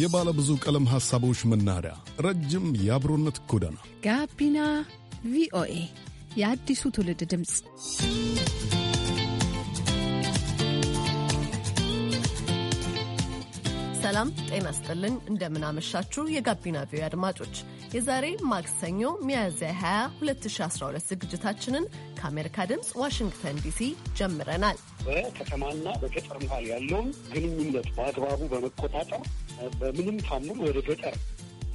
የባለ ብዙ ቀለም ሐሳቦች መናኸሪያ፣ ረጅም የአብሮነት ጎዳና ጋቢና ቪኦኤ የአዲሱ ትውልድ ድምፅ። ሰላም ጤና ስጥልን። እንደምናመሻችሁ የጋቢና ቪኦኤ አድማጮች የዛሬ ማክሰኞ ሚያዝያ 20 2012 ዝግጅታችንን ከአሜሪካ ድምፅ ዋሽንግተን ዲሲ ጀምረናል። በከተማና በገጠር መሀል ያለውን ግንኙነት በአግባቡ በመቆጣጠር በምንም ታምር ወደ ገጠር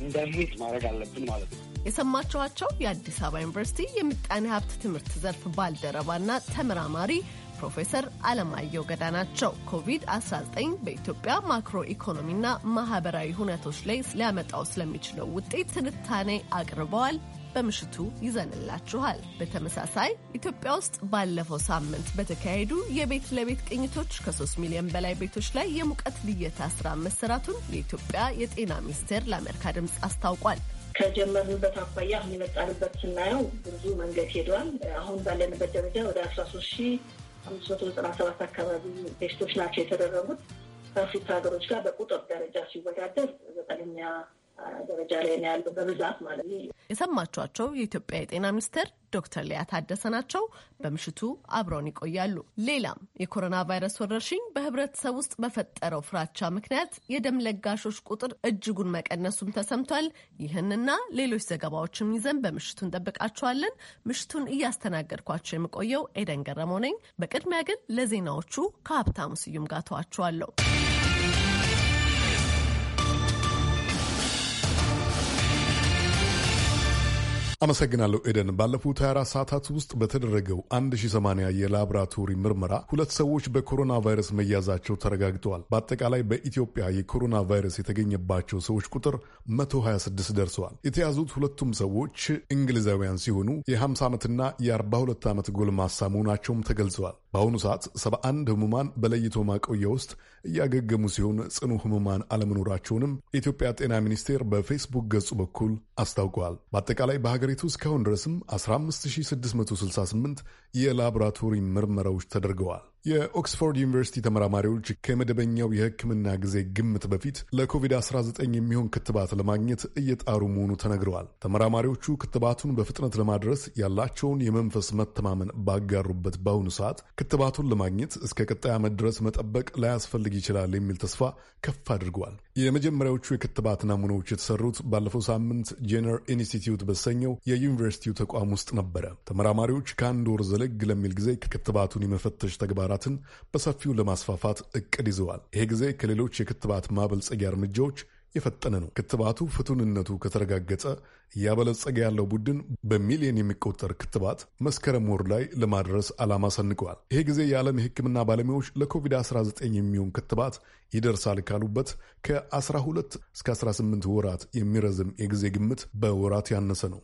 እንዳይሄድ ማድረግ አለብን ማለት ነው። የሰማችኋቸው የአዲስ አበባ ዩኒቨርሲቲ የምጣኔ ሀብት ትምህርት ዘርፍ ባልደረባና ተመራማሪ ፕሮፌሰር አለማየሁ ገዳ ናቸው። ኮቪድ-19 በኢትዮጵያ ማክሮ ኢኮኖሚና ማህበራዊ ሁነቶች ላይ ሊያመጣው ስለሚችለው ውጤት ትንታኔ አቅርበዋል። በምሽቱ ይዘንላችኋል። በተመሳሳይ ኢትዮጵያ ውስጥ ባለፈው ሳምንት በተካሄዱ የቤት ለቤት ቅኝቶች ከ3 ሚሊዮን በላይ ቤቶች ላይ የሙቀት ልየታ ስራ መሰራቱን የኢትዮጵያ የጤና ሚኒስቴር ለአሜሪካ ድምፅ አስታውቋል። ከጀመርንበት አኳያ አሁን የመጣንበት ስናየው ብዙ መንገድ ሄዷል። አሁን ባለንበት ደረጃ ወደ 13 አምስት መቶ ዘጠና ሰባት አካባቢ ቴስቶች ናቸው የተደረጉት ከአፍሪካ ሀገሮች ጋር በቁጥር ደረጃ ሲወዳደር ዘጠነኛ ደረጃ ላይ ነው በብዛት ማለት ነው። የሰማችኋቸው የኢትዮጵያ የጤና ሚኒስቴር ዶክተር ሊያ ታደሰ ናቸው። በምሽቱ አብረውን ይቆያሉ። ሌላም የኮሮና ቫይረስ ወረርሽኝ በህብረተሰብ ውስጥ በፈጠረው ፍራቻ ምክንያት የደም ለጋሾች ቁጥር እጅጉን መቀነሱም ተሰምቷል። ይህንና ሌሎች ዘገባዎችም ይዘን በምሽቱ እንጠብቃችኋለን። ምሽቱን እያስተናገድኳቸው የምቆየው ኤደን ገረመው ነኝ። በቅድሚያ ግን ለዜናዎቹ ከሀብታሙ ስዩም ጋር ተዋችኋለሁ። አመሰግናለሁ ኤደን። ባለፉት 24 ሰዓታት ውስጥ በተደረገው 1080 የላቦራቶሪ ምርመራ ሁለት ሰዎች በኮሮና ቫይረስ መያዛቸው ተረጋግጠዋል። በአጠቃላይ በኢትዮጵያ የኮሮና ቫይረስ የተገኘባቸው ሰዎች ቁጥር 126 ደርሰዋል። የተያዙት ሁለቱም ሰዎች እንግሊዛውያን ሲሆኑ የ50 ዓመትና የ42 ዓመት ጎልማሳ መሆናቸውም ተገልጸዋል። በአሁኑ ሰዓት 71 ህሙማን በለይቶ ማቆያ ውስጥ እያገገሙ ሲሆን ጽኑ ህሙማን አለመኖራቸውንም የኢትዮጵያ ጤና ሚኒስቴር በፌስቡክ ገጹ በኩል አስታውቋል። በአጠቃላይ በሀገሪቱ እስካሁን ድረስም 15668 የላቦራቶሪ ምርመራዎች ተደርገዋል። የኦክስፎርድ ዩኒቨርሲቲ ተመራማሪዎች ከመደበኛው የሕክምና ጊዜ ግምት በፊት ለኮቪድ-19 የሚሆን ክትባት ለማግኘት እየጣሩ መሆኑ ተነግረዋል። ተመራማሪዎቹ ክትባቱን በፍጥነት ለማድረስ ያላቸውን የመንፈስ መተማመን ባጋሩበት በአሁኑ ሰዓት ክትባቱን ለማግኘት እስከ ቀጣይ ዓመት ድረስ መጠበቅ ላያስፈልግ ይችላል የሚል ተስፋ ከፍ አድርገዋል። የመጀመሪያዎቹ የክትባት ናሙናዎች የተሰሩት ባለፈው ሳምንት ጄነር ኢንስቲትዩት በሰኘው የዩኒቨርሲቲው ተቋም ውስጥ ነበረ። ተመራማሪዎች ከአንድ ወር ዘለግ ለሚል ጊዜ ክትባቱን የመፈተሽ ተግባር ተግባራትን በሰፊው ለማስፋፋት እቅድ ይዘዋል። ይሄ ጊዜ ከሌሎች የክትባት ማበልጸጊያ እርምጃዎች የፈጠነ ነው። ክትባቱ ፍቱንነቱ ከተረጋገጠ እያበለጸገ ያለው ቡድን በሚሊዮን የሚቆጠር ክትባት መስከረም ወር ላይ ለማድረስ ዓላማ ሰንቀዋል። ይሄ ጊዜ የዓለም የሕክምና ባለሙያዎች ለኮቪድ-19 የሚሆን ክትባት ይደርሳል ካሉበት ከ12 እስከ 18 ወራት የሚረዝም የጊዜ ግምት በወራት ያነሰ ነው።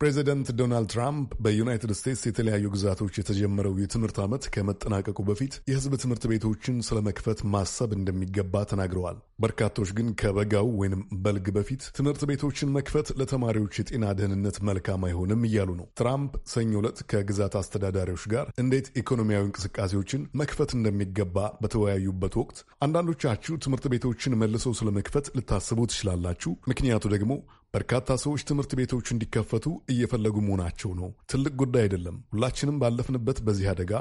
ፕሬዚደንት ዶናልድ ትራምፕ በዩናይትድ ስቴትስ የተለያዩ ግዛቶች የተጀመረው የትምህርት ዓመት ከመጠናቀቁ በፊት የሕዝብ ትምህርት ቤቶችን ስለመክፈት ማሰብ እንደሚገባ ተናግረዋል። በርካቶች ግን ከበጋው ወይንም በልግ በፊት ትምህርት ቤቶችን መክፈት ለተማሪዎች የጤና ደህንነት መልካም አይሆንም እያሉ ነው። ትራምፕ ሰኞ ዕለት ከግዛት አስተዳዳሪዎች ጋር እንዴት ኢኮኖሚያዊ እንቅስቃሴዎችን መክፈት እንደሚገባ በተወያዩበት ወቅት አንዳንዶቻችሁ ትምህርት ቤቶችን ስለ ስለመክፈት ልታስቡ ትችላላችሁ፣ ምክንያቱ ደግሞ በርካታ ሰዎች ትምህርት ቤቶች እንዲከፈቱ እየፈለጉ መሆናቸው ነው። ትልቅ ጉዳይ አይደለም። ሁላችንም ባለፍንበት በዚህ አደጋ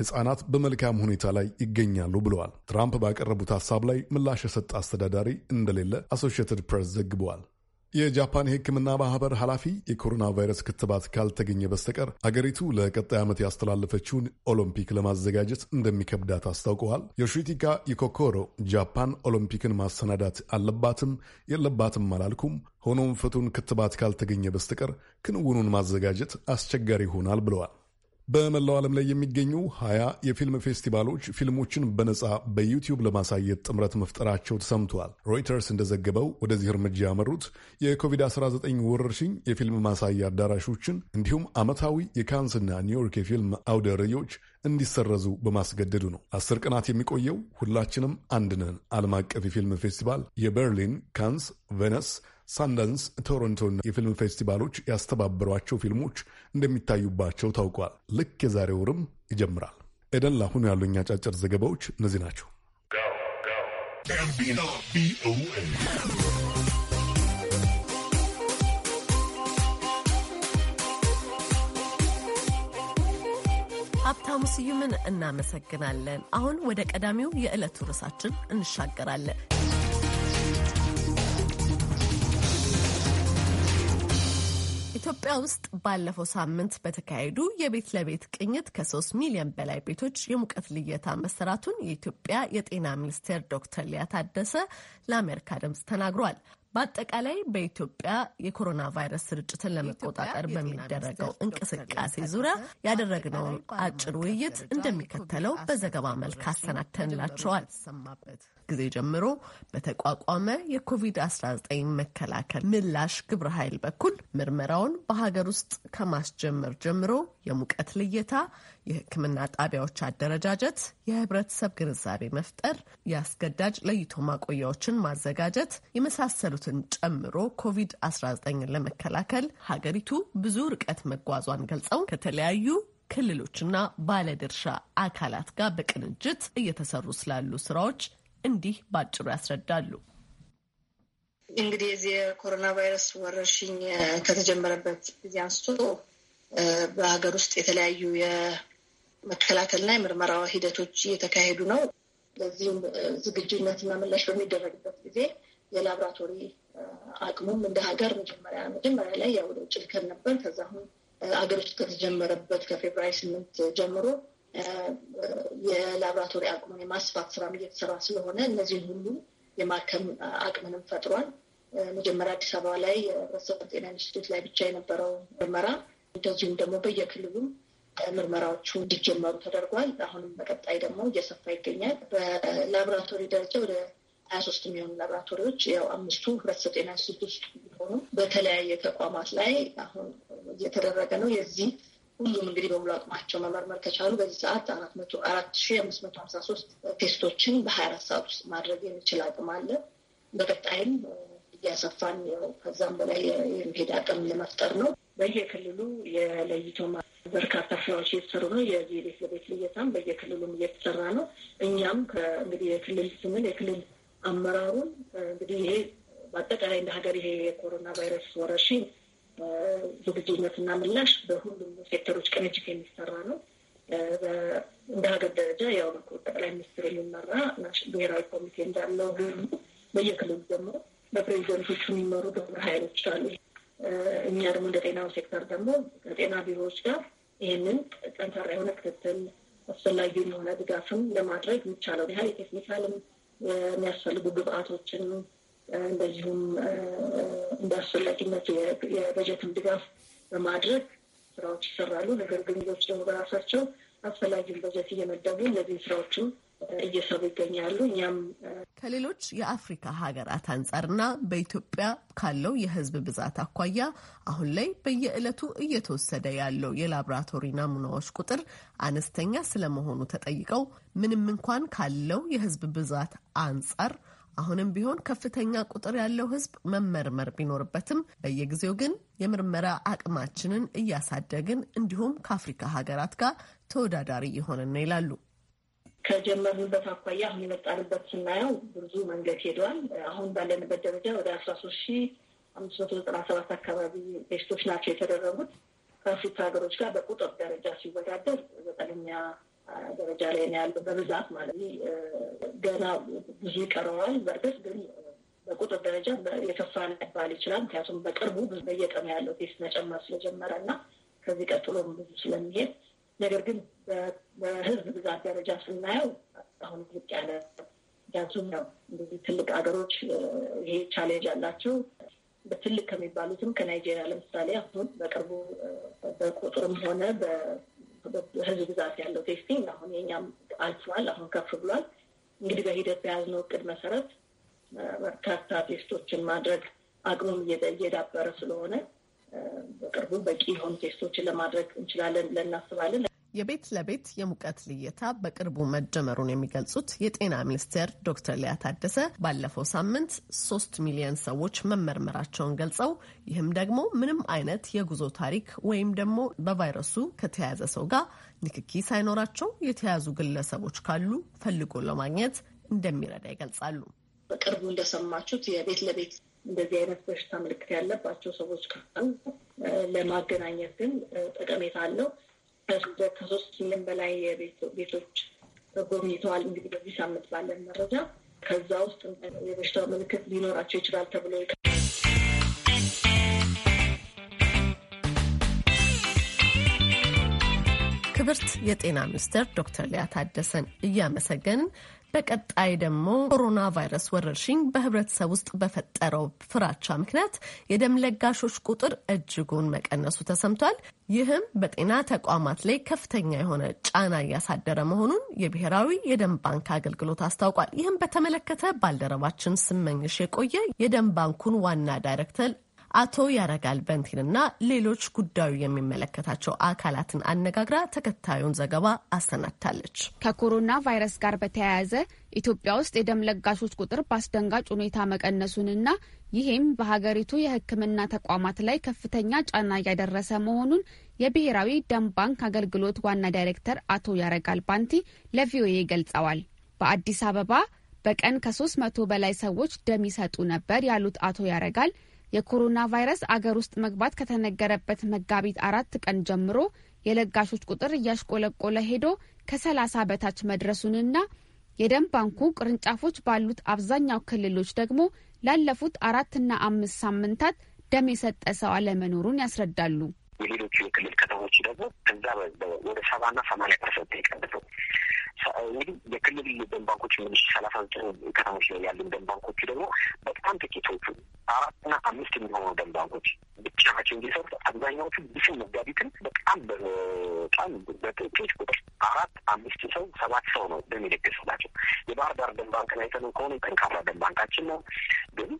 ሕፃናት በመልካም ሁኔታ ላይ ይገኛሉ ብለዋል። ትራምፕ ባቀረቡት ሐሳብ ላይ ምላሽ የሰጠ አስተዳዳሪ እንደሌለ አሶሺየትድ ፕሬስ ዘግበዋል። የጃፓን የሕክምና ማህበር ኃላፊ የኮሮና ቫይረስ ክትባት ካልተገኘ በስተቀር አገሪቱ ለቀጣይ ዓመት ያስተላለፈችውን ኦሎምፒክ ለማዘጋጀት እንደሚከብዳት አስታውቀዋል። ዮሺቲካ ኢኮኮሮ ጃፓን ኦሎምፒክን ማሰናዳት አለባትም የለባትም አላልኩም፣ ሆኖም ፍቱን ክትባት ካልተገኘ በስተቀር ክንውኑን ማዘጋጀት አስቸጋሪ ይሆናል ብለዋል። በመላው ዓለም ላይ የሚገኙ ሀያ የፊልም ፌስቲቫሎች ፊልሞችን በነጻ በዩቲዩብ ለማሳየት ጥምረት መፍጠራቸው ተሰምተዋል። ሮይተርስ እንደዘገበው ወደዚህ እርምጃ ያመሩት የኮቪድ-19 ወረርሽኝ የፊልም ማሳያ አዳራሾችን እንዲሁም ዓመታዊ የካንስና ኒውዮርክ የፊልም አውደ ርዕዮች እንዲሰረዙ በማስገደዱ ነው። አስር ቀናት የሚቆየው ሁላችንም አንድ ነን ዓለም አቀፍ የፊልም ፌስቲቫል የበርሊን፣ ካንስ፣ ቬነስ ሳንዳንስ፣ ቶሮንቶና የፊልም ፌስቲቫሎች ያስተባበሯቸው ፊልሞች እንደሚታዩባቸው ታውቋል። ልክ የዛሬ ወርም ይጀምራል። ኤደን፣ ለአሁኑ ያሉኝ አጫጭር ዘገባዎች እነዚህ ናቸው። ሀብታሙ ስዩምን እናመሰግናለን። አሁን ወደ ቀዳሚው የዕለቱ ርዕሳችን እንሻገራለን። ኢትዮጵያ ውስጥ ባለፈው ሳምንት በተካሄዱ የቤት ለቤት ቅኝት ከሶስት ሚሊዮን በላይ ቤቶች የሙቀት ልየታ መሰራቱን የኢትዮጵያ የጤና ሚኒስቴር ዶክተር ሊያ ታደሰ ለአሜሪካ ድምጽ ተናግሯል። በአጠቃላይ በኢትዮጵያ የኮሮና ቫይረስ ስርጭትን ለመቆጣጠር በሚደረገው እንቅስቃሴ ዙሪያ ያደረግነውን አጭር ውይይት እንደሚከተለው በዘገባ መልክ አሰናድተንላቸዋል። ጊዜ ጀምሮ በተቋቋመ የኮቪድ-19 መከላከል ምላሽ ግብረ ኃይል በኩል ምርመራውን በሀገር ውስጥ ከማስጀመር ጀምሮ የሙቀት ልየታ የሕክምና ጣቢያዎች አደረጃጀት፣ የህብረተሰብ ግንዛቤ መፍጠር፣ የአስገዳጅ ለይቶ ማቆያዎችን ማዘጋጀት የመሳሰሉትን ጨምሮ ኮቪድ-19ን ለመከላከል ሀገሪቱ ብዙ ርቀት መጓዟን ገልጸው ከተለያዩ ክልሎችና ባለድርሻ አካላት ጋር በቅንጅት እየተሰሩ ስላሉ ስራዎች እንዲህ ባጭሩ ያስረዳሉ። እንግዲህ የዚህ የኮሮና ቫይረስ ወረርሽኝ ከተጀመረበት ጊዜ አንስቶ በሀገር ውስጥ የተለያዩ መከላከልና የምርመራ ሂደቶች እየተካሄዱ ነው። ለዚህም ዝግጁነትና ምላሽ በሚደረግበት ጊዜ የላብራቶሪ አቅሙም እንደ ሀገር መጀመሪያ መጀመሪያ ላይ ያው ወደ ውጭ ልከን ነበር። ከዛ አሁን ከተጀመረበት ከፌብራሪ ስምንት ጀምሮ የላብራቶሪ አቅሙን የማስፋት ስራም እየተሰራ ስለሆነ እነዚህን ሁሉ የማከም አቅምንም ፈጥሯል። መጀመሪያ አዲስ አበባ ላይ የህብረተሰብ ጤና ኢንስቲትዩት ላይ ብቻ የነበረው ምርመራ እንደዚሁም ደግሞ በየክልሉም ምርመራዎቹ እንዲጀመሩ ተደርጓል። አሁንም በቀጣይ ደግሞ እየሰፋ ይገኛል። በላቦራቶሪ ደረጃ ወደ ሀያ ሶስት የሚሆኑ ላቦራቶሪዎች ያው አምስቱ ህብረተሰብ ጤና ኢንስቲትዩት ሆኑ በተለያየ ተቋማት ላይ አሁን እየተደረገ ነው። የዚህ ሁሉም እንግዲህ በሙሉ አቅማቸው መመርመር ከቻሉ በዚህ ሰዓት አራት መቶ አራት ሺ አምስት መቶ ሀምሳ ሶስት ቴስቶችን በሀያ አራት ሰዓት ውስጥ ማድረግ የሚችል አቅም አለ። በቀጣይም እያሰፋን ከዛም በላይ የሚሄድ አቅም ለመፍጠር ነው። በየክልሉ የለይቶ በርካታ ስራዎች እየተሰሩ ነው። የዚህ ቤት ለቤት ልየታም በየክልሉም እየተሰራ ነው። እኛም እንግዲህ የክልል ስንል የክልል አመራሩን እንግዲህ ይሄ በአጠቃላይ እንደ ሀገር ይሄ የኮሮና ቫይረስ ወረርሽኝ ዝግጁነትና ምላሽ በሁሉም ሴክተሮች ቅንጅት የሚሰራ ነው። እንደ ሀገር ደረጃ ያው ጠቅላይ ሚኒስትር የሚመራ ብሔራዊ ኮሚቴ እንዳለው ሁሉ በየክልሉ ደግሞ በፕሬዚደንቶቹ የሚመሩ ግብረ ኃይሎች አሉ። እኛ ደግሞ እንደ ጤናው ሴክተር ደግሞ ከጤና ቢሮዎች ጋር ይህንን ጠንካራ የሆነ ክትትል አስፈላጊውን የሆነ ድጋፍም ለማድረግ የሚቻለው ያህል የቴክኒካልም የሚያስፈልጉ ግብአቶችን እንደዚሁም እንደ አስፈላጊነት የበጀትም ድጋፍ በማድረግ ስራዎች ይሰራሉ። ነገር ግን ሌሎች ደግሞ በራሳቸው አስፈላጊውን በጀት እየመደቡ እነዚህ ስራዎችም እየሰሩ ይገኛሉ። እኛም ከሌሎች የአፍሪካ ሀገራት አንጻርና በኢትዮጵያ ካለው የሕዝብ ብዛት አኳያ አሁን ላይ በየዕለቱ እየተወሰደ ያለው የላብራቶሪ ናሙናዎች ቁጥር አነስተኛ ስለመሆኑ ተጠይቀው ምንም እንኳን ካለው የሕዝብ ብዛት አንጻር አሁንም ቢሆን ከፍተኛ ቁጥር ያለው ህዝብ መመርመር ቢኖርበትም በየጊዜው ግን የምርመራ አቅማችንን እያሳደግን እንዲሁም ከአፍሪካ ሀገራት ጋር ተወዳዳሪ የሆንን ነው ይላሉ። ከጀመርንበት አኳያ አሁን የመጣንበት ስናየው ብዙ መንገድ ሄዷል። አሁን ባለንበት ደረጃ ወደ አስራ ሶስት ሺ አምስት መቶ ዘጠና ሰባት አካባቢ ቴስቶች ናቸው የተደረጉት። ከአፍሪካ ሀገሮች ጋር በቁጥር ደረጃ ሲወዳደር ዘጠነኛ ደረጃ ላይ ነው ያለው በብዛት ማለት ነው። ገና ብዙ ይቀረዋል። በእርግጥ ግን በቁጥር ደረጃ የከፋ ሊባል ይችላል። ምክንያቱም በቅርቡ በየቀኑ ያለው ቴስት መጨመር ስለጀመረ እና ከዚህ ቀጥሎም ብዙ ስለሚሄድ ነገር ግን በህዝብ ብዛት ደረጃ ስናየው አሁን ትልቅ ያለ ያዙም ነው። እንደዚህ ትልቅ ሀገሮች ይሄ ቻሌንጅ አላቸው። በትልቅ ከሚባሉትም ከናይጄሪያ ለምሳሌ አሁን በቅርቡ በቁጥርም ሆነ በህዝብ ብዛት ያለው ቴስቲንግ አሁን የኛም አልፏል፣ አሁን ከፍ ብሏል። እንግዲህ በሂደት በያዝነው እቅድ መሰረት በርካታ ቴስቶችን ማድረግ አቅሙም እየዳበረ ስለሆነ በቅርቡ በቂ የሆኑ ቴስቶችን ለማድረግ እንችላለን ብለን እናስባለን። የቤት ለቤት የሙቀት ልየታ በቅርቡ መጀመሩን የሚገልጹት የጤና ሚኒስቴር ዶክተር ሊያ ታደሰ ባለፈው ሳምንት ሶስት ሚሊዮን ሰዎች መመርመራቸውን ገልጸው ይህም ደግሞ ምንም አይነት የጉዞ ታሪክ ወይም ደግሞ በቫይረሱ ከተያያዘ ሰው ጋር ንክኪ ሳይኖራቸው የተያዙ ግለሰቦች ካሉ ፈልጎ ለማግኘት እንደሚረዳ ይገልጻሉ። በቅርቡ እንደሰማችሁት የቤት ለቤት እንደዚህ አይነት በሽታ ምልክት ያለባቸው ሰዎች ካሉ ለማገናኘት ግን ጠቀሜታ አለው። ከሶስት ሚሊዮን በላይ ቤቶች ጎብኝተዋል። እንግዲህ በዚህ ሳምንት ባለን መረጃ ከዛ ውስጥ የበሽታው ምልክት ሊኖራቸው ይችላል ተብሎ ክብርት የጤና ሚኒስትር ዶክተር ሊያ ታደሰን እያመሰገንን በቀጣይ ደግሞ ኮሮና ቫይረስ ወረርሽኝ በህብረተሰብ ውስጥ በፈጠረው ፍራቻ ምክንያት የደም ለጋሾች ቁጥር እጅጉን መቀነሱ ተሰምቷል። ይህም በጤና ተቋማት ላይ ከፍተኛ የሆነ ጫና እያሳደረ መሆኑን የብሔራዊ የደም ባንክ አገልግሎት አስታውቋል። ይህም በተመለከተ ባልደረባችን ስመኝሽ የቆየ የደም ባንኩን ዋና ዳይሬክተር አቶ ያረጋል በንቲንና ሌሎች ጉዳዩ የሚመለከታቸው አካላትን አነጋግራ ተከታዩን ዘገባ አሰናድታለች። ከኮሮና ቫይረስ ጋር በተያያዘ ኢትዮጵያ ውስጥ የደም ለጋሾች ቁጥር በአስደንጋጭ ሁኔታ መቀነሱንና ይህም በሀገሪቱ የሕክምና ተቋማት ላይ ከፍተኛ ጫና እያደረሰ መሆኑን የብሔራዊ ደም ባንክ አገልግሎት ዋና ዳይሬክተር አቶ ያረጋል ባንቲ ለቪኦኤ ገልጸዋል። በአዲስ አበባ በቀን ከሶስት መቶ በላይ ሰዎች ደም ይሰጡ ነበር ያሉት አቶ ያረጋል የኮሮና ቫይረስ አገር ውስጥ መግባት ከተነገረበት መጋቢት አራት ቀን ጀምሮ የለጋሾች ቁጥር እያሽቆለቆለ ሄዶ ከሰላሳ በታች መድረሱንና የደም ባንኩ ቅርንጫፎች ባሉት አብዛኛው ክልሎች ደግሞ ላለፉት አራትና አምስት ሳምንታት ደም የሰጠ ሰው አለመኖሩን ያስረዳሉ። የሌሎቹ የክልል ከተሞች ደግሞ ከዛ ወደ ሰባና ሰማንያ ፐርሰንት የቀንሰው እንግዲህ የክልል ደን ባንኮች ምንሽ ሰላሳ ዘጠኝ ከተሞች ላይ ያሉ ደን ባንኮቹ ደግሞ በጣም ጥቂቶቹ አራትና አምስት የሚሆኑ ደን ባንኮች ብቻ ናቸው እንዲሰሩት አብዛኛዎቹ ብስም መጋቢትን በጣም በጣም በጥቂት ቁጥር አራት አምስት ሰው ሰባት ሰው ነው ደም የለገሱላቸው። የባህር ዳር ደን ባንክ አይተነው ከሆነ ጠንካራ ደን ባንካችን ነው። ግን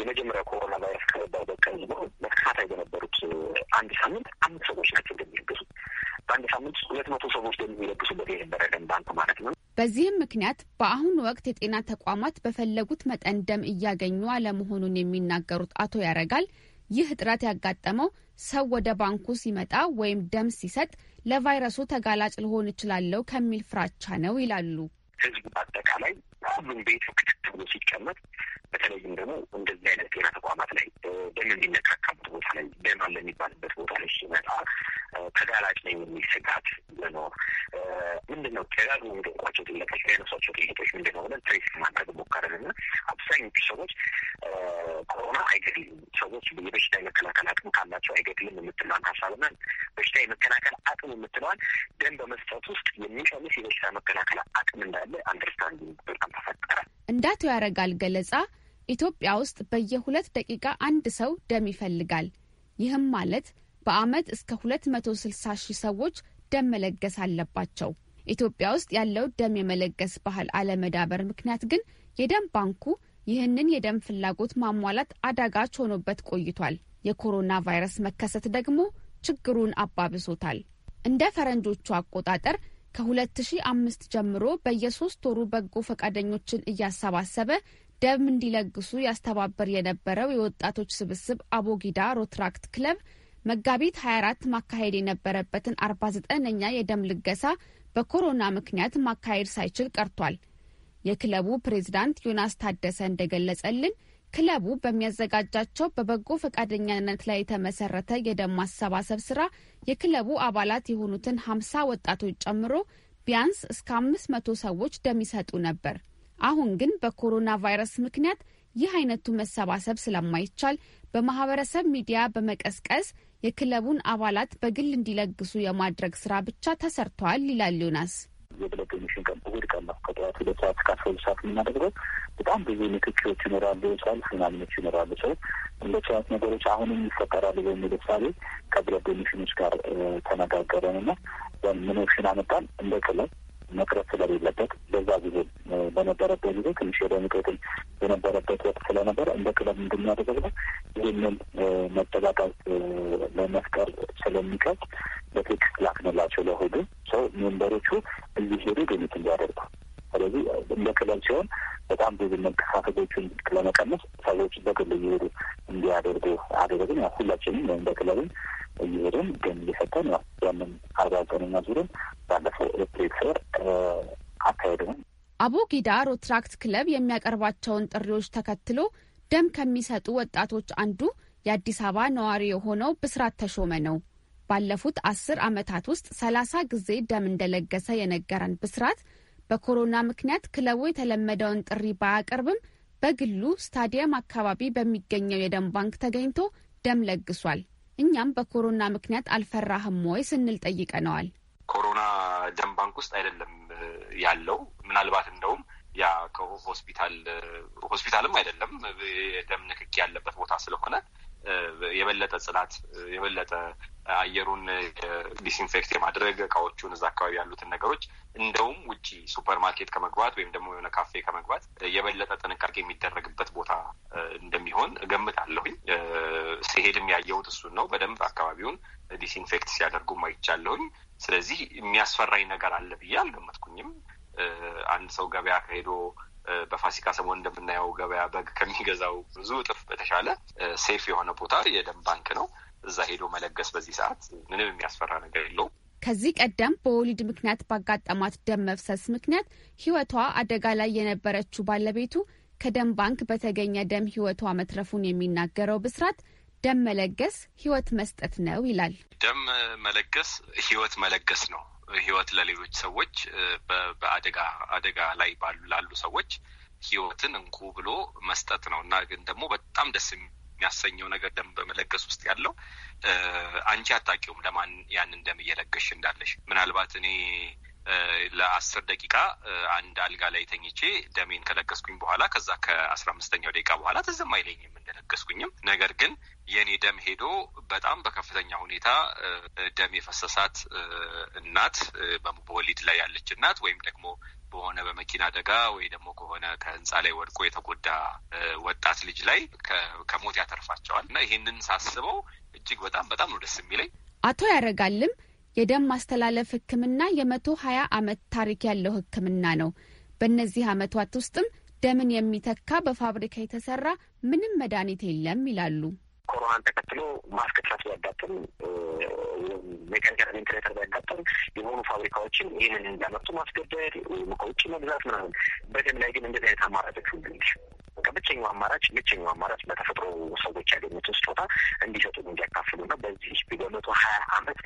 የመጀመሪያ ኮሮና ቫይረስ ከመባበቀን ነው በተካታይ በነበሩት አንድ ሳምንት አምስት ሰዎች ናቸው ደሚ በአንድ ሳምንት ሁለት መቶ ሰዎች የሚለግሱበት የነበረ ደም ባንክ ማለት ነው። በዚህም ምክንያት በአሁኑ ወቅት የጤና ተቋማት በፈለጉት መጠን ደም እያገኙ አለመሆኑን የሚናገሩት አቶ ያረጋል ይህ እጥረት ያጋጠመው ሰው ወደ ባንኩ ሲመጣ ወይም ደም ሲሰጥ ለቫይረሱ ተጋላጭ ልሆን እችላለሁ ከሚል ፍራቻ ነው ይላሉ። ህዝቡ አጠቃላይ ሁሉም ቤት ክትት ብሎ ሲቀመጥ በተለይም ደግሞ እንደዚህ አይነት ጤና ተቋማት ላይ ደም የሚነካካበት ቦታ ላይ ደም አለ የሚባልበት ቦታ ላይ ሲመጣ ተጋላጭ ነው የሚል ስጋት መኖር ምንድን ነው ደጋግ የሚደንቋቸው ጥያቄዎች ሊያነሷቸው ጥያቄዎች ምንድን ነው ብለን ትሬስ ማድረግ ሞከርን እና አብዛኞቹ ሰዎች ኮሮና አይገድልም፣ ሰዎች የበሽታ የመከላከል አቅም ካላቸው አይገድልም የምትለዋን ሀሳብ ሀሳብና በሽታ የመከላከል አቅም የምትለዋን ደም በመስጠት ውስጥ የሚቀንስ የበሽታ መከላከል አቅም እንዳለ አንደርስታንድ በጣም ተፈጠረ። እንዳቶ ያረጋል ገለጻ ኢትዮጵያ ውስጥ በየሁለት ደቂቃ አንድ ሰው ደም ይፈልጋል። ይህም ማለት በዓመት እስከ 260 ሺህ ሰዎች ደም መለገስ አለባቸው። ኢትዮጵያ ውስጥ ያለው ደም የመለገስ ባህል አለመዳበር ምክንያት ግን የደም ባንኩ ይህንን የደም ፍላጎት ማሟላት አዳጋች ሆኖበት ቆይቷል። የኮሮና ቫይረስ መከሰት ደግሞ ችግሩን አባብሶታል። እንደ ፈረንጆቹ አቆጣጠር ከ2005 ጀምሮ በየሶስት ወሩ በጎ ፈቃደኞችን እያሰባሰበ ደም እንዲለግሱ ያስተባበር የነበረው የወጣቶች ስብስብ አቦጊዳ ሮትራክት ክለብ መጋቢት 24 ማካሄድ የነበረበትን 49ኛ የደም ልገሳ በኮሮና ምክንያት ማካሄድ ሳይችል ቀርቷል። የክለቡ ፕሬዝዳንት ዮናስ ታደሰ እንደገለጸልን ክለቡ በሚያዘጋጃቸው በበጎ ፈቃደኛነት ላይ የተመሰረተ የደም ማሰባሰብ ስራ የክለቡ አባላት የሆኑትን 50 ወጣቶች ጨምሮ ቢያንስ እስከ አምስት መቶ ሰዎች ደም ይሰጡ ነበር። አሁን ግን በኮሮና ቫይረስ ምክንያት ይህ አይነቱ መሰባሰብ ስለማይቻል በማህበረሰብ ሚዲያ በመቀስቀስ የክለቡን አባላት በግል እንዲለግሱ የማድረግ ስራ ብቻ ተሰርተዋል ይላል ዮናስ። የብለድ ዶኔሽን ቀን እሑድ ቀን ነው። ከጠዋት ሁለት ሰዓት እስከ ሁለት ሰዓት የምናደርገው በጣም ብዙ ንክኪዎች ይኖራሉ። ሰልፍ ምናምኖች ይኖራሉ። ሰው እንደሱ አይነት ነገሮች አሁንም ይፈጠራሉ በሚል እሳቤ ከብለድ ሚሽኖች ጋር ተነጋገረን እና ምን ኦፕሽን አመጣን እንደ ክለብ መቅረት ስለሌለበት በዛ ጊዜ በነበረበት ጊዜ ትንሽ ወደ ምክትል የነበረበት ወቅት ስለነበረ እንደ ክለብ እንድናደረግነው ይህንን መጠቃቃት ለመፍቀር ስለሚቀጥ በቴክስት ላክንላቸው ለሆዱ ሰው ሜምበሮቹ እዚህ ሄዱ ግኝት እንዲያደርጉ። ስለዚህ እንደ ክለብ ሲሆን በጣም ብዙ መንቀሳቀሶችን ለመቀነስ ሰዎች በግል እየሄዱ እንዲያደርጉ አደረግን። ያው ሁላችንም ወይም ክለብም እየሄደን ገን እየሰጠን ያው ያንን አርባ ዘጠነኛ ዙርን ባለፈው ኤፕሪል ስር አቡ ጊዳ ሮትራክት ክለብ የሚያቀርባቸውን ጥሪዎች ተከትሎ ደም ከሚሰጡ ወጣቶች አንዱ የአዲስ አበባ ነዋሪ የሆነው ብስራት ተሾመ ነው። ባለፉት አስር ዓመታት ውስጥ ሰላሳ ጊዜ ደም እንደለገሰ የነገረን ብስራት በኮሮና ምክንያት ክለቡ የተለመደውን ጥሪ ባያቀርብም በግሉ ስታዲየም አካባቢ በሚገኘው የደም ባንክ ተገኝቶ ደም ለግሷል። እኛም በኮሮና ምክንያት አልፈራህም ወይ ስንል ጠይቀነዋል። ኮሮና ደም ባንክ ውስጥ አይደለም ያለው። ምናልባት እንደውም ያ ከሆስፒታል ሆስፒታልም አይደለም የደም ንክኪ ያለበት ቦታ ስለሆነ የበለጠ ጽናት የበለጠ አየሩን ዲስኢንፌክት የማድረግ እቃዎቹን እዛ አካባቢ ያሉትን ነገሮች እንደውም ውጭ ሱፐር ማርኬት ከመግባት ወይም ደግሞ የሆነ ካፌ ከመግባት የበለጠ ጥንቃቄ የሚደረግበት ቦታ እንደሚሆን እገምታለሁኝ። ሲሄድም ያየሁት እሱን ነው። በደንብ አካባቢውን ዲስኢንፌክት ማይቻ አይቻለሁኝ። ስለዚህ የሚያስፈራኝ ነገር አለ ብዬ አልገመትኩኝም። አንድ ሰው ገበያ ከሄዶ በፋሲካ ሰሞን እንደምናየው ገበያ በግ ከሚገዛው ብዙ እጥፍ በተሻለ ሴፍ የሆነ ቦታ የደም ባንክ ነው። እዛ ሄዶ መለገስ በዚህ ሰዓት ምንም የሚያስፈራ ነገር የለውም። ከዚህ ቀደም በወሊድ ምክንያት ባጋጠማት ደም መፍሰስ ምክንያት ህይወቷ አደጋ ላይ የነበረችው ባለቤቱ ከደም ባንክ በተገኘ ደም ህይወቷ መትረፉን የሚናገረው ብስራት ደም መለገስ ህይወት መስጠት ነው ይላል። ደም መለገስ ህይወት መለገስ ነው። ህይወት ለሌሎች ሰዎች በአደጋ አደጋ ላይ ላሉ ሰዎች ህይወትን እንኩ ብሎ መስጠት ነው እና ግን ደግሞ በጣም ደስ የሚ የሚያሰኘው ነገር ደም በመለገስ ውስጥ ያለው አንቺ አታውቂውም ለማን ያን እንደምየለገሽ እንዳለሽ። ምናልባት እኔ ለአስር ደቂቃ አንድ አልጋ ላይ ተኝቼ ደሜን ከለገስኩኝ በኋላ ከዛ ከአስራ አምስተኛው ደቂቃ በኋላ ትዝም አይለኝም እንደለገስኩኝም። ነገር ግን የእኔ ደም ሄዶ በጣም በከፍተኛ ሁኔታ ደም የፈሰሳት እናት በወሊድ ላይ ያለች እናት ወይም ደግሞ በሆነ በመኪና አደጋ ወይ ደግሞ ከሆነ ከህንፃ ላይ ወድቆ የተጎዳ ወጣት ልጅ ላይ ከሞት ያተርፋቸዋል እና ይህንን ሳስበው እጅግ በጣም በጣም ነው ደስ የሚለኝ። አቶ ያረጋልም የደም ማስተላለፍ ህክምና የመቶ ሀያ አመት ታሪክ ያለው ህክምና ነው። በእነዚህ አመታት ውስጥም ደምን የሚተካ በፋብሪካ የተሰራ ምንም መድኃኒት የለም ይላሉ። ኮሮናን ተከትሎ ማስክ እጥረት ቢያጋጥም፣ የቀንጨር ቬንትሌተር ቢያጋጥም የሆኑ ፋብሪካዎችን ይህንን እንዳመጡ ማስገደድ ወይም ከውጭ መግዛት ምናምን። በደም ላይ ግን እንደዚህ አይነት አማራጮች ሁሉል ብቸኛው አማራጭ ብቸኛው አማራጭ በተፈጥሮ ሰዎች ያገኙትን ስጦታ እንዲሰጡ እንዲያካፍሉ እንዲያካፍሉና በዚህ በመቶ ሀያ አመት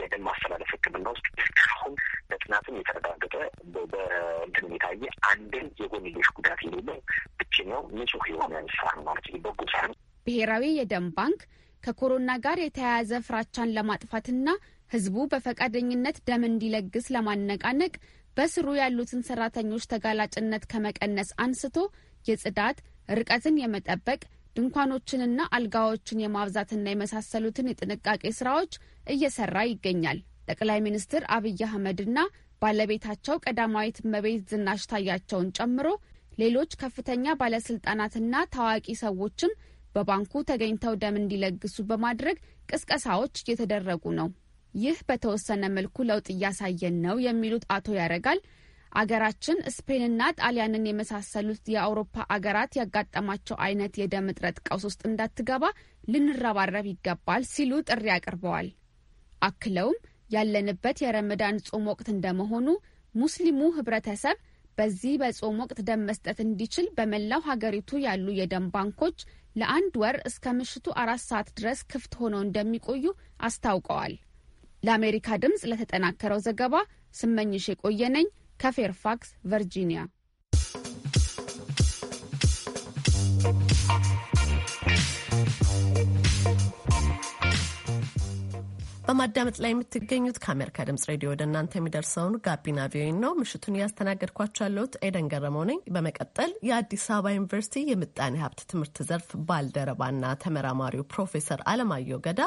የደም ማስተላለፍ ሕክምና ውስጥ እስካሁን በጥናትም የተረጋገጠ በእንትን የታየ አንድን የጎንዮሽ ጉዳት የሌለው ብቸኛው ንጹህ የሆነ ስራ ማለት በጎ ስራ ብሔራዊ የደም ባንክ ከኮሮና ጋር የተያያዘ ፍራቻን ለማጥፋትና ህዝቡ በፈቃደኝነት ደም እንዲለግስ ለማነቃነቅ በስሩ ያሉትን ሰራተኞች ተጋላጭነት ከመቀነስ አንስቶ የጽዳት፣ ርቀትን የመጠበቅ ድንኳኖችንና አልጋዎችን የማብዛትና የመሳሰሉትን የጥንቃቄ ስራዎች እየሰራ ይገኛል። ጠቅላይ ሚኒስትር አብይ አህመድና ባለቤታቸው ቀዳማዊት እመቤት ዝናሽ ታያቸውን ጨምሮ ሌሎች ከፍተኛ ባለስልጣናትና ታዋቂ ሰዎችም በባንኩ ተገኝተው ደም እንዲለግሱ በማድረግ ቅስቀሳዎች እየተደረጉ ነው። ይህ በተወሰነ መልኩ ለውጥ እያሳየን ነው የሚሉት አቶ ያረጋል አገራችን ስፔንና ጣሊያንን የመሳሰሉት የአውሮፓ አገራት ያጋጠማቸው አይነት የደም እጥረት ቀውስ ውስጥ እንዳትገባ ልንረባረብ ይገባል ሲሉ ጥሪ አቅርበዋል። አክለውም ያለንበት የረመዳን ጾም ወቅት እንደመሆኑ ሙስሊሙ ህብረተሰብ በዚህ በጾም ወቅት ደም መስጠት እንዲችል በመላው ሀገሪቱ ያሉ የደም ባንኮች ለአንድ ወር እስከ ምሽቱ አራት ሰዓት ድረስ ክፍት ሆነው እንደሚቆዩ አስታውቀዋል። ለአሜሪካ ድምፅ ለተጠናከረው ዘገባ ስመኝሽ የቆየነኝ ከፌርፋክስ ቨርጂኒያ በማዳመጥ ላይ የምትገኙት ከአሜሪካ ድምጽ ሬዲዮ ወደ እናንተ የሚደርሰውን ጋቢና ቪኦኤ ነው። ምሽቱን እያስተናገድኳችሁ ያለሁት ኤደን ገረመው ነኝ። በመቀጠል የአዲስ አበባ ዩኒቨርሲቲ የምጣኔ ሀብት ትምህርት ዘርፍ ባልደረባና ተመራማሪው ፕሮፌሰር አለማየሁ ገዳ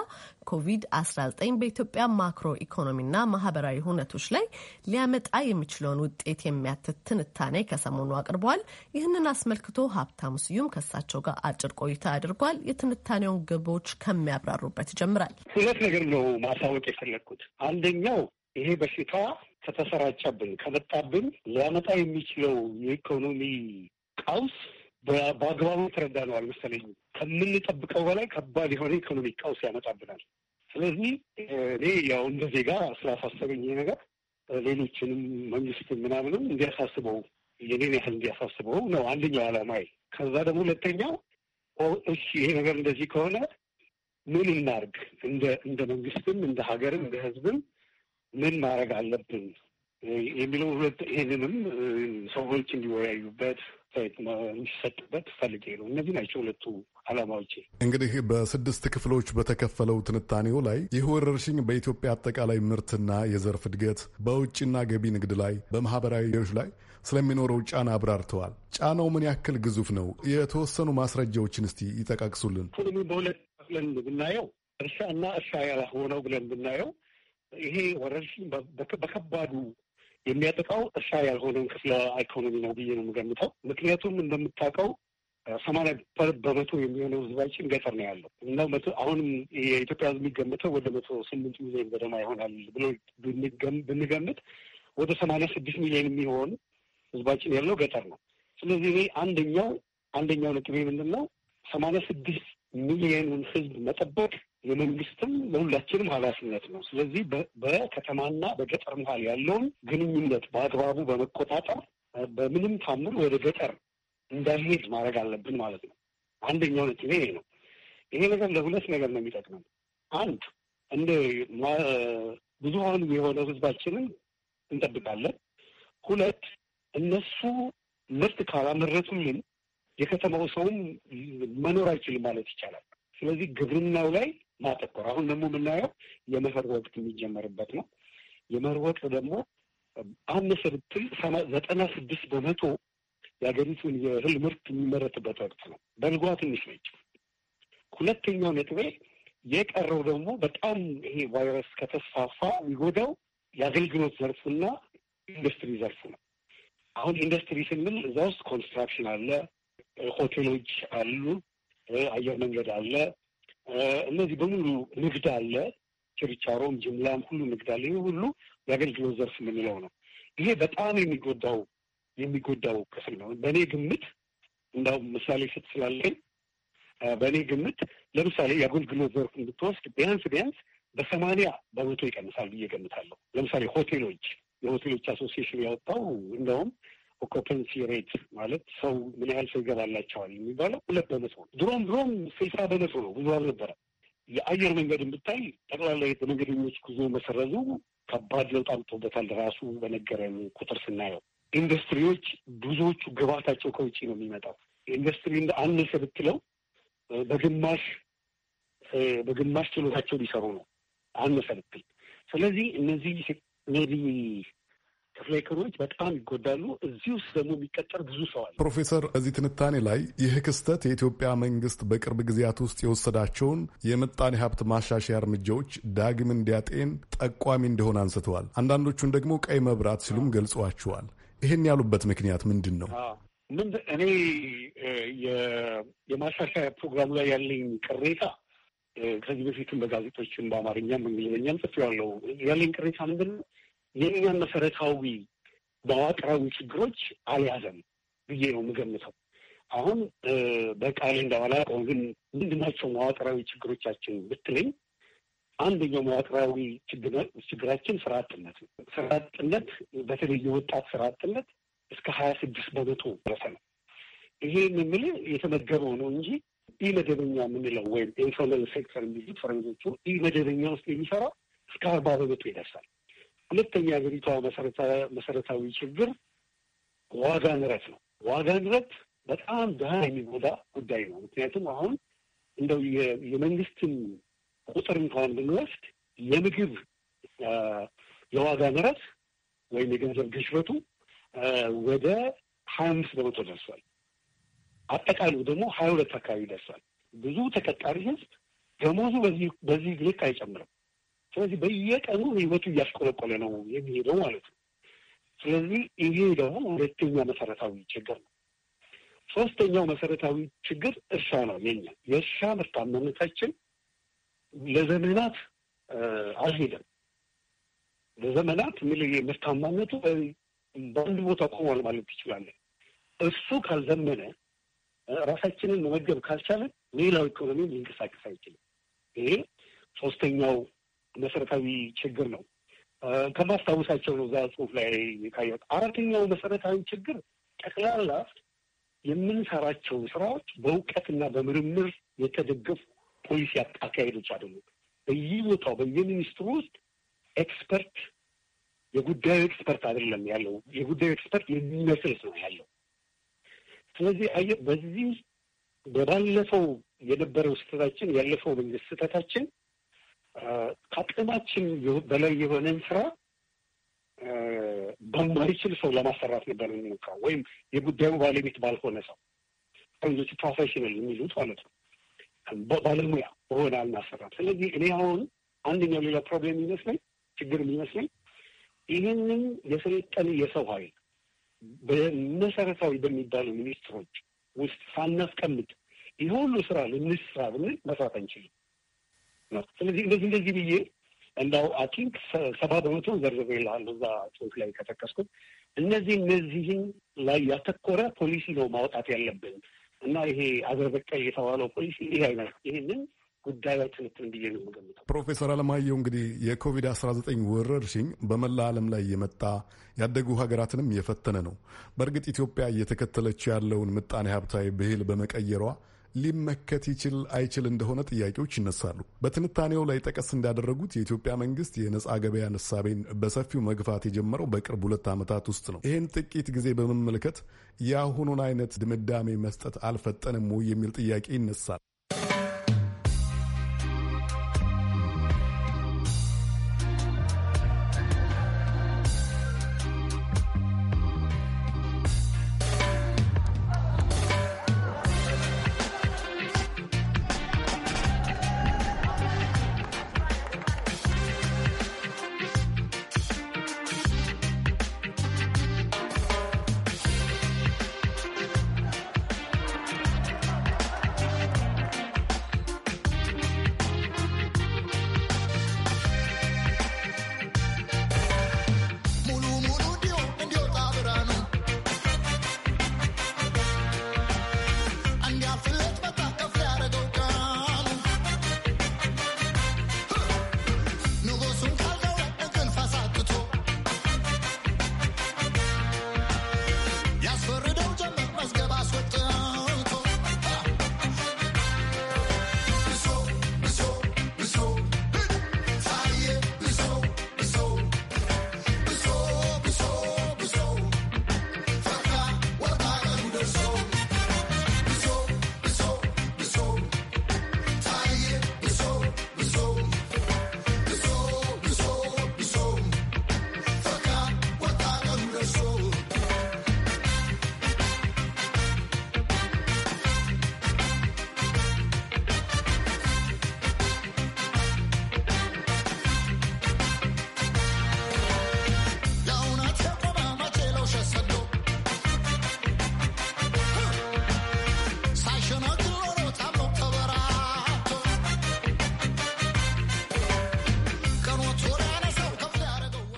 ኮቪድ-19 በኢትዮጵያ ማክሮ ኢኮኖሚና ማህበራዊ ሁነቶች ላይ ሊያመጣ የሚችለውን ውጤት የሚያትት ትንታኔ ከሰሞኑ አቅርበዋል። ይህንን አስመልክቶ ሀብታሙ ስዩም ከሳቸው ጋር አጭር ቆይታ አድርጓል። የትንታኔውን ግቦች ከሚያብራሩበት ይጀምራል። ሁለት ነገር ነው ማሳወቅ የፈለግኩት አንደኛው ይሄ በሽታ ከተሰራጨብን ከመጣብን ሊያመጣ የሚችለው የኢኮኖሚ ቀውስ በአግባቡ ነው አልመሰለኝ። ከምንጠብቀው በላይ ከባድ የሆነ ኢኮኖሚ ቀውስ ያመጣብናል። ስለዚህ እኔ ያው እንደ ዜጋ ስላሳሰበኝ ነገር ሌሎችንም መንግስት ምናምንም እንዲያሳስበው የኔን ያህል እንዲያሳስበው ነው አንደኛው አላማ ከዛ ደግሞ ሁለተኛው እሺ ይሄ ነገር እንደዚህ ከሆነ ምን እናርግ፣ እንደ መንግስትም፣ እንደ ሀገርም፣ እንደ ህዝብም ምን ማድረግ አለብን የሚለው ሁለት ይህንንም ሰዎች እንዲወያዩበት እንዲሰጥበት ፈልጌ ነው። እነዚህ ናቸው ሁለቱ አላማዎች እንግዲህ በስድስት ክፍሎች በተከፈለው ትንታኔው ላይ ይህ ወረርሽኝ በኢትዮጵያ አጠቃላይ ምርትና የዘርፍ እድገት፣ በውጭና ገቢ ንግድ ላይ፣ በማህበራዊ ዎች ላይ ስለሚኖረው ጫና አብራርተዋል። ጫናው ምን ያክል ግዙፍ ነው? የተወሰኑ ማስረጃዎችን እስቲ ይጠቃቅሱልን። ኢኮኖሚ በሁለት ብለን ብናየው እርሻና እርሻ ያልሆነው ብለን ብናየው ይሄ ወረርሽኝ በከባዱ የሚያጠቃው እርሻ ያልሆነውን ክፍለ ኢኮኖሚ ነው ብዬ ነው የምገምተው። ምክንያቱም እንደምታውቀው ሰማንያ በመቶ የሚሆነው ህዝባችን ገጠር ነው ያለው እና አሁንም የኢትዮጵያ ህዝብ የሚገምተው ወደ መቶ ስምንት ሚሊዮን ገደማ ይሆናል ብሎ ብንገምት ወደ ሰማንያ ስድስት ሚሊዮን የሚሆን ህዝባችን ያለው ገጠር ነው። ስለዚህ እኔ አንደኛው አንደኛው ነጥቤ ምንድን ነው ሰማንያ ስድስት ሚሊየኑን ህዝብ መጠበቅ የመንግስትም ለሁላችንም ኃላፊነት ነው። ስለዚህ በከተማና በገጠር መሀል ያለውን ግንኙነት በአግባቡ በመቆጣጠር በምንም ታምር ወደ ገጠር እንዳይሄድ ማድረግ አለብን ማለት ነው። አንደኛው ነጥቤ ይሄ ነው። ይሄ ነገር ለሁለት ነገር ነው የሚጠቅመው። አንድ እንደ ብዙሀኑ የሆነው ህዝባችንን እንጠብቃለን። ሁለት እነሱ ምርት ካላመረቱልን የከተማው ሰውም መኖር አይችልም ማለት ይቻላል። ስለዚህ ግብርናው ላይ ማተኮር አሁን ደግሞ የምናየው የመኸር ወቅት የሚጀመርበት ነው። የመኸር ወቅት ደግሞ አነሰ ብትል ዘጠና ስድስት በመቶ የሀገሪቱን የእህል ምርት የሚመረትበት ወቅት ነው። በልጓ ትንሽ ነች። ሁለተኛው ነጥቤ የቀረው ደግሞ በጣም ይሄ ቫይረስ ከተስፋፋ የሚጎዳው የአገልግሎት ዘርፉና ኢንዱስትሪ ዘርፉ ነው። አሁን ኢንዱስትሪ ስንል እዛ ውስጥ ኮንስትራክሽን አለ፣ ሆቴሎች አሉ፣ አየር መንገድ አለ። እነዚህ በሙሉ ንግድ አለ፣ ችርቻሮም፣ ጅምላም ሁሉ ንግድ አለ። ይህ ሁሉ የአገልግሎት ዘርፍ የምንለው ነው። ይሄ በጣም የሚጎዳው የሚጎዳው ክፍል ነው። በእኔ ግምት እንዳውም ምሳሌ ስጥ ስላለኝ በእኔ ግምት ለምሳሌ የአገልግሎት ዘርፍ እንድትወስድ ቢያንስ ቢያንስ በሰማንያ በመቶ ይቀንሳል ብዬ ገምታለሁ። ለምሳሌ ሆቴሎች የሆቴሎች አሶሲሽን ያወጣው እንደውም ኦኮፐንሲ ሬት ማለት ሰው ምን ያህል ሰው ይገባላቸዋል የሚባለው ሁለት በመቶ ነው። ድሮም ድሮም ስልሳ በመቶ ነው፣ ብዙ አልነበረ። የአየር መንገድን ብታይ ጠቅላላ የመንገደኞች ጉዞ መሰረዙ ከባድ ለውጥ አምጥቶበታል። ራሱ በነገረን ቁጥር ስናየው ኢንዱስትሪዎች ብዙዎቹ ግባታቸው ከውጭ ነው የሚመጣው። ኢንዱስትሪ እንደ አነሰ ብትለው በግማሽ በግማሽ ችሎታቸው ሊሰሩ ነው አነሰ ብትል። ስለዚህ እነዚህ ሜቢ ክፍለ ኢኮኖሚዎች በጣም ይጎዳሉ። እዚህ ውስጥ ደግሞ የሚቀጠር ብዙ ሰው አለ። ፕሮፌሰር፣ እዚህ ትንታኔ ላይ ይህ ክስተት የኢትዮጵያ መንግስት በቅርብ ጊዜያት ውስጥ የወሰዳቸውን የምጣኔ ሀብት ማሻሻያ እርምጃዎች ዳግም እንዲያጤን ጠቋሚ እንደሆነ አንስተዋል። አንዳንዶቹን ደግሞ ቀይ መብራት ሲሉም ገልጸዋቸዋል። ይህን ያሉበት ምክንያት ምንድን ነው? ምን እኔ የማሻሻያ ፕሮግራሙ ላይ ያለኝ ቅሬታ ከዚህ በፊትም በጋዜጦችም በአማርኛም እንግሊዝኛም ጽፌዋለሁ። ያለኝ ቅሬታ ምንድን ነው? የእኛን መሰረታዊ መዋቅራዊ ችግሮች አልያዘም ብዬ ነው የምገምተው። አሁን በቃሌ እንዳላቀው ግን ምንድናቸው መዋቅራዊ ችግሮቻችን ብትለኝ አንደኛው መዋቅራዊ ችግራችን ስራ አጥነት ነው። ስራ አጥነት በተለይ የወጣት ስራ አጥነት እስከ ሀያ ስድስት በመቶ ደረሰ ነው። ይሄ የምልህ የተመገበው ነው እንጂ ኢመደበኛ የምንለው ወይም ኢንፎርማል ሴክተር የሚሉት ፈረንጆቹ ኢመደበኛ ውስጥ የሚሰራው እስከ አርባ በመቶ ይደርሳል። ሁለተኛ ሀገሪቷ መሰረታዊ ችግር ዋጋ ንረት ነው። ዋጋ ንረት በጣም ድሀ የሚጎዳ ጉዳይ ነው። ምክንያቱም አሁን እንደው የመንግስትን ቁጥር እንኳን ብንወስድ የምግብ የዋጋ ንረት ወይም የገንዘብ ግሽበቱ ወደ ሀያ አምስት በመቶ ደርሷል። አጠቃሉ ደግሞ ሀያ ሁለት አካባቢ ደርሷል። ብዙ ተቀጣሪ ህዝብ ደሞዙ በዚህ ልክ አይጨምርም። ስለዚህ በየቀኑ ህይወቱ እያሽቆለቆለ ነው የሚሄደው ማለት ነው። ስለዚህ ይሄ ደግሞ ሁለተኛ መሰረታዊ ችግር ነው። ሶስተኛው መሰረታዊ ችግር እርሻ ነው። የኛ የእርሻ ምርታማነታችን ለዘመናት አልሄደም። ለዘመናት ምርታማነቱ በአንድ ቦታ ቆሟል ማለት ይችላለን። እሱ ካልዘመነ ራሳችንን መመገብ ካልቻለን ሌላው ኢኮኖሚ ሊንቀሳቀስ አይችልም። ይሄ ሶስተኛው መሰረታዊ ችግር ነው። ከማስታወሳቸው ነው እዛ ጽሁፍ ላይ የታየው። አራተኛው መሰረታዊ ችግር ጠቅላላ የምንሰራቸው ስራዎች በእውቀትና በምርምር የተደገፉ ፖሊሲ አካሄዶች አይደሉም። በየቦታው በየሚኒስትሩ ውስጥ ኤክስፐርት የጉዳዩ ኤክስፐርት አይደለም ያለው፣ የጉዳዩ ኤክስፐርት የሚመስል ሰው ያለው። ስለዚህ አየ በዚህ በባለፈው የነበረው ስህተታችን ያለፈው መንግስት ስህተታችን ከአቅማችን በላይ የሆነን ስራ በማይችል ሰው ለማሰራት ነበር የምንሞክረው፣ ወይም የጉዳዩ ባለቤት ባልሆነ ሰው ከሌሎቹ ፕሮፌሽናል የሚሉት ማለት ነው ባለሙያ በሆነ አልናሰራም። ስለዚህ እኔ አሁን አንደኛው ሌላ ፕሮብሌም ይመስለኝ ችግር የሚመስለኝ ይህንን የሰለጠነ የሰው ኃይል በመሰረታዊ በሚባሉ ሚኒስትሮች ውስጥ ሳናስቀምጥ ይህ ሁሉ ስራ ልንስራ ብንል መስራት አንችልም። ነው። ስለዚህ እንደዚህ እንደዚህ ብዬ እንዳው አይ ቲንክ ሰባ በመቶ ዘርዝበ ይልሃል እዛ ጽሁፍ ላይ ከጠቀስኩት እነዚህ እነዚህን ላይ ያተኮረ ፖሊሲ ነው ማውጣት ያለብን እና ይሄ አገር በቀል የተባለው ፖሊሲ ይህ አይነት ይህንን ጉዳዩ ትንትን ብዬ ነው የምገምተው። ፕሮፌሰር አለማየሁ እንግዲህ የኮቪድ-19 ወረርሽኝ በመላ ዓለም ላይ የመጣ ያደጉ ሀገራትንም የፈተነ ነው። በእርግጥ ኢትዮጵያ እየተከተለች ያለውን ምጣኔ ሀብታዊ ብሂል በመቀየሯ ሊመከት ይችል አይችል እንደሆነ ጥያቄዎች ይነሳሉ። በትንታኔው ላይ ጠቀስ እንዳደረጉት የኢትዮጵያ መንግስት የነፃ ገበያ ንሳቤን በሰፊው መግፋት የጀመረው በቅርብ ሁለት ዓመታት ውስጥ ነው። ይህን ጥቂት ጊዜ በመመልከት የአሁኑን አይነት ድምዳሜ መስጠት አልፈጠንም ወይ የሚል ጥያቄ ይነሳል።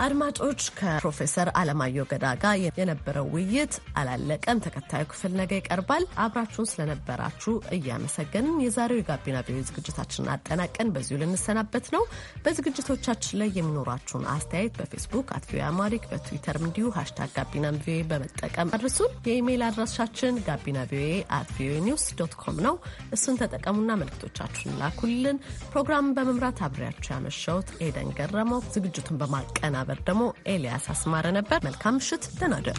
አድማጮች ከፕሮፌሰር አለማየሁ ገዳ ጋር የነበረው ውይይት አላለቀም። ተከታዩ ክፍል ነገ ይቀርባል። አብራችሁን ስለነበራችሁ እያመሰገንን የዛሬው የጋቢና ቪዮ ዝግጅታችንን አጠናቀን በዚሁ ልንሰናበት ነው። በዝግጅቶቻችን ላይ የሚኖራችሁን አስተያየት በፌስቡክ አት ቪኦኤ አማሪክ በትዊተርም እንዲሁ ሃሽታግ ጋቢና ቪኦኤ በመጠቀም አድርሱን። የኢሜይል አድራሻችን ጋቢና ቪኦኤ አት ቪኦኤ ኒውስ ዶት ኮም ነው። እሱን ተጠቀሙና መልክቶቻችሁን ላኩልን። ፕሮግራምን በመምራት አብሬያችሁ ያመሸሁት ኤደን ገረመው ዝግጅቱን በማቀናበ በማቀናበር ደግሞ ኤልያስ አስማረ ነበር። መልካም ምሽት፣ ደህና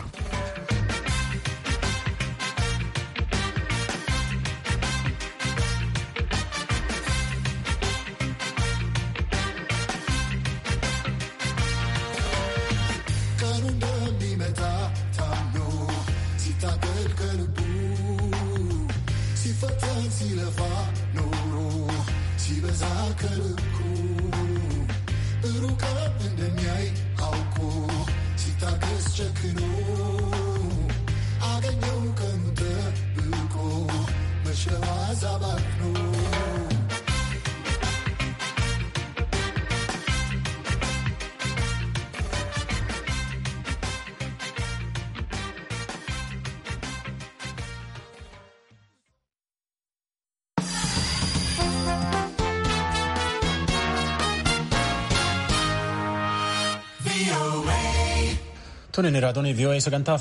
Tuni inni raatuun VOA